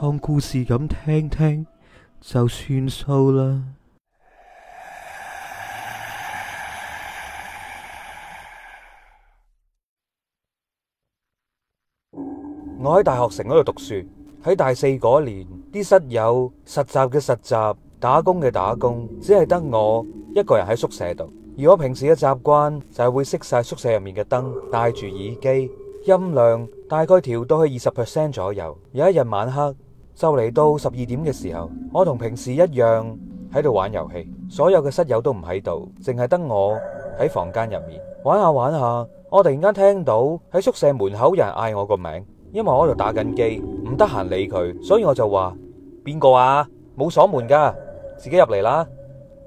當故事咁聽聽就算數啦。我喺大學城嗰度讀書，喺大四嗰年，啲室友實習嘅實習，打工嘅打工，只係得我一個人喺宿舍度。而我平時嘅習慣就係會熄晒宿舍入面嘅燈，戴住耳機，音量大概調到去二十 percent 左右。有一日晚黑。就嚟到十二點嘅時候，我同平時一樣喺度玩遊戲，所有嘅室友都唔喺度，淨係得我喺房間入面玩下玩下。我突然間聽到喺宿舍門口有人嗌我個名，因為我喺度打緊機，唔得閒理佢，所以我就話邊個啊？冇鎖門㗎，自己入嚟啦。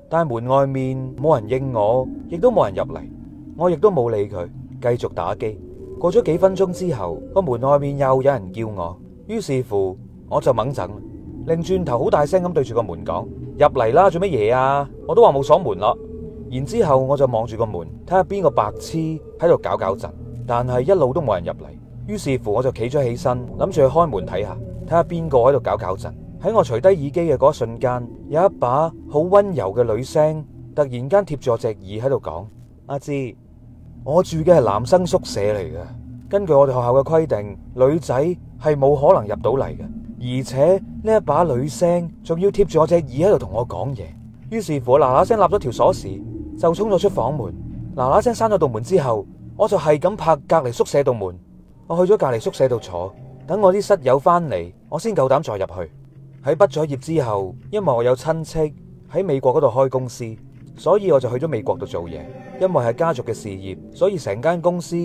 但係門外面冇人應我，亦都冇人入嚟，我亦都冇理佢，繼續打機。過咗幾分鐘之後，個門外面又有人叫我，於是乎。我就掹陣，擰轉頭，好大聲咁對住個門講，入嚟啦！做乜嘢啊？我都話冇鎖門咯。然之後我就望住個門，睇下邊個白痴喺度搞搞震。但係一路都冇人入嚟。於是乎，我就企咗起身，諗住去開門睇下，睇下邊個喺度搞搞震。喺我除低耳機嘅嗰瞬間，有一把好溫柔嘅女聲突然間貼住我隻耳喺度講，阿芝。啊，我住嘅係男生宿舍嚟嘅。根據我哋學校嘅規定，女仔係冇可能入到嚟嘅。而且呢一把女聲仲要貼住我隻耳喺度同我講嘢，於是乎嗱嗱聲立咗條鎖匙，就衝咗出房門，嗱嗱聲閂咗道門之後，我就係咁拍隔籬宿舍道門，我去咗隔籬宿舍度坐，等我啲室友翻嚟，我先夠膽再入去。喺畢咗業之後，因為我有親戚喺美國嗰度開公司，所以我就去咗美國度做嘢。因為係家族嘅事業，所以成間公司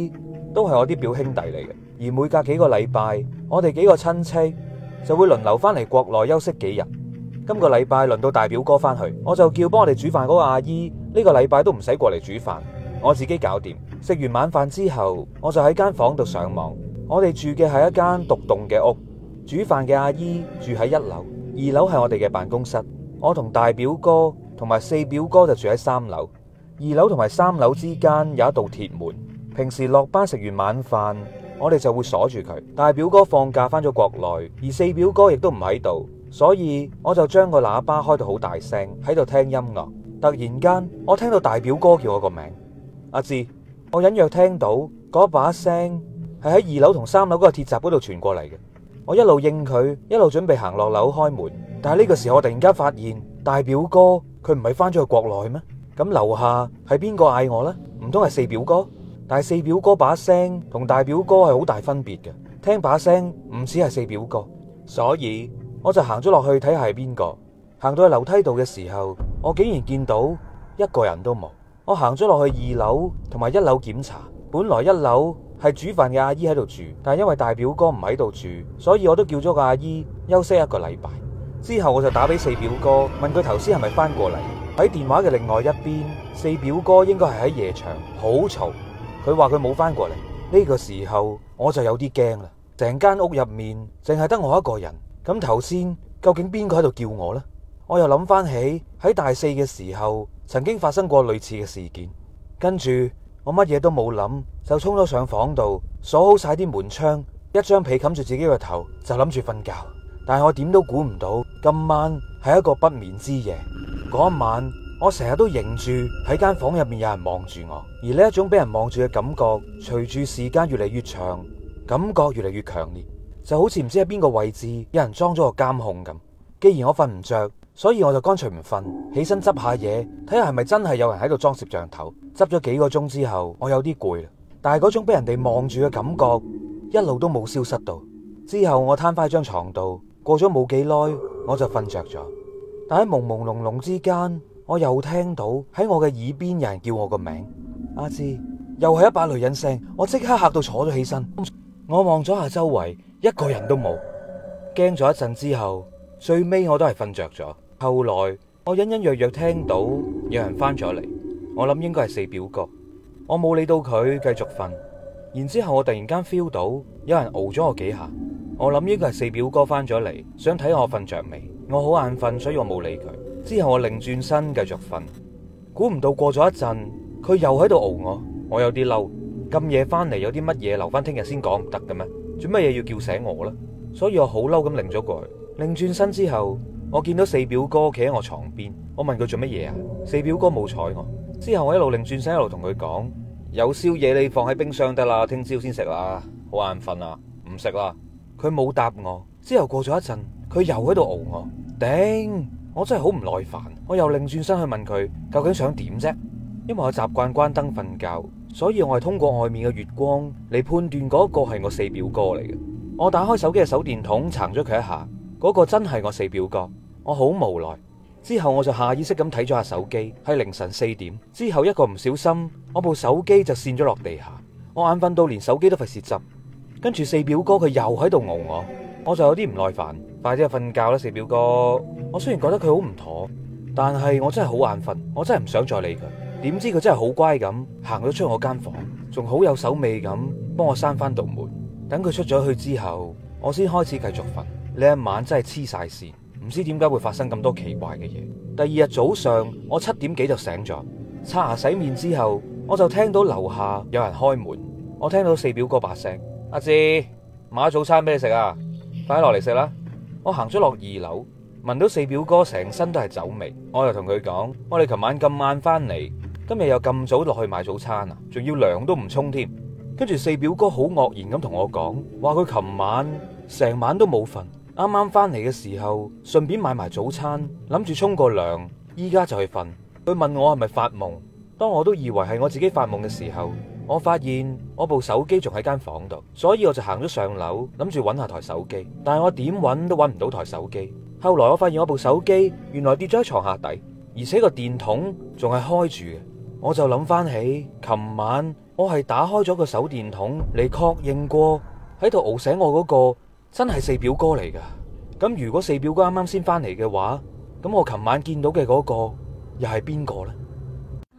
都係我啲表兄弟嚟嘅。而每隔幾個禮拜，我哋幾個親戚。就會輪流返嚟國內休息幾日。今個禮拜輪到大表哥返去，我就叫幫我哋煮飯嗰個阿姨呢個禮拜都唔使過嚟煮飯，我自己搞掂。食完晚飯之後，我就喺間房度上,上網。我哋住嘅係一間獨棟嘅屋，煮飯嘅阿姨住喺一樓，二樓係我哋嘅辦公室，我同大表哥同埋四表哥就住喺三樓。二樓同埋三樓之間有一道鐵門，平時落班食完晚飯。我哋就會鎖住佢，大表哥放假翻咗國內，而四表哥亦都唔喺度，所以我就將個喇叭開到好大聲喺度聽音樂。突然間，我聽到大表哥叫我個名，阿、啊、志，我隱約聽到嗰把聲係喺二樓同三樓個鐵閘嗰度傳過嚟嘅。我一路應佢，一路準備行落樓開門，但係呢個時候我突然間發現大表哥佢唔係翻咗去國內咩？咁樓下係邊個嗌我呢？唔通係四表哥？但係四表哥把聲同大表哥係好大分別嘅，聽把聲唔似係四表哥，所以我就行咗落去睇下係邊個。行到去樓梯度嘅時候，我竟然見到一個人都冇。我行咗落去二樓同埋一樓檢查，本來一樓係煮飯嘅阿姨喺度住，但係因為大表哥唔喺度住，所以我都叫咗個阿姨休息一個禮拜。之後我就打俾四表哥問佢頭先係咪翻過嚟。喺電話嘅另外一邊，四表哥應該係喺夜場，好嘈。佢話佢冇翻過嚟，呢個時候我就有啲驚啦。成間屋入面淨係得我一個人，咁頭先究竟邊個喺度叫我呢？我又諗翻起喺大四嘅時候，曾經發生過類似嘅事件。跟住我乜嘢都冇諗，就衝咗上房度，鎖好晒啲門窗，一張被冚住自己個頭，就諗住瞓覺。但係我點都估唔到，今晚係一個不眠之夜。嗰晚，我成日都影住喺間房入面，有人望住我。而呢一種俾人望住嘅感覺，隨住時間越嚟越長，感覺越嚟越強烈，就好似唔知喺邊個位置有人裝咗個監控咁。既然我瞓唔着，所以我就乾脆唔瞓，起身執下嘢，睇下係咪真係有人喺度裝攝像頭。執咗幾個鐘之後，我有啲攰啦，但係嗰種俾人哋望住嘅感覺，一路都冇消失到。之後我攤翻喺張床度，過咗冇幾耐，我就瞓着咗。但喺朦朦朧朧之間。我又聽到喺我嘅耳邊有人叫我個名，阿芝，啊，又係一把女人聲，我即刻嚇到坐咗起身。我望咗下周圍，一個人都冇，驚咗一陣之後，最尾我都係瞓着咗。後來我隱隱約約約聽到有人翻咗嚟，我諗應該係四表哥，我冇理到佢繼續瞓。然之後我突然間 feel 到有人撓咗我幾下，我諗應該係四表哥翻咗嚟，想睇我瞓着未。我好眼瞓，所以我冇理佢。之後我擰轉身繼續瞓，估唔到過咗一陣，佢又喺度熬我，我有啲嬲。咁夜翻嚟有啲乜嘢留翻聽日先講唔得嘅咩？做乜嘢要叫醒我咧？所以我好嬲咁擰咗過去。擰轉身之後，我見到四表哥企喺我床邊，我問佢做乜嘢啊？四表哥冇睬我。之後我一路擰轉身一路同佢講：有宵夜你放喺冰箱得啦，聽朝先食啊。好眼瞓啊，唔食啦。佢冇答我。之後過咗一陣，佢又喺度熬我，頂。我真係好唔耐煩，我又擰轉身去問佢究竟想點啫？因為我習慣關燈瞓覺，所以我係通過外面嘅月光嚟判斷嗰個係我四表哥嚟嘅。我打開手機嘅手電筒，撐咗佢一下，嗰個真係我四表哥。我好無奈，之後我就下意識咁睇咗下手機，係凌晨四點。之後一個唔小心，我部手機就跣咗落地下。我眼瞓到連手機都費事執。跟住四表哥佢又喺度戇我，我就有啲唔耐煩。快啲去瞓覺啦，四表哥。我雖然覺得佢好唔妥，但係我真係好眼瞓，我真係唔想再理佢。點知佢真係好乖咁行咗出我間房，仲好有手尾咁幫我閂翻道門。等佢出咗去之後，我先開始繼續瞓。呢一晚真係黐晒線，唔知點解會發生咁多奇怪嘅嘢。第二日早上，我七點幾就醒咗，刷牙洗面之後，我就聽到樓下有人開門。我聽到四表哥把聲：阿志買早餐俾你食啊，快落嚟食啦！我行咗落二樓，聞到四表哥成身都係酒味，我又同佢講：我哋琴晚咁晚翻嚟，今日又咁早落去買早餐啊，仲要涼都唔沖添。跟住四表哥好愕然咁同我講，話佢琴晚成晚都冇瞓，啱啱翻嚟嘅時候順便買埋早餐，諗住沖個涼，依家就去瞓。佢問我係咪發夢，當我都以為係我自己發夢嘅時候。我發現我部手機仲喺間房度，所以我就行咗上樓，諗住揾下台手機。但係我點揾都揾唔到台手機。後來我發現我部手機原來跌咗喺床下底，而且個電筒仲係開住嘅。我就諗翻起，琴晚我係打開咗個手電筒嚟，確認過喺度熬醒我嗰個真係四表哥嚟噶。咁如果四表哥啱啱先翻嚟嘅話，咁我琴晚見到嘅嗰個又係邊個呢？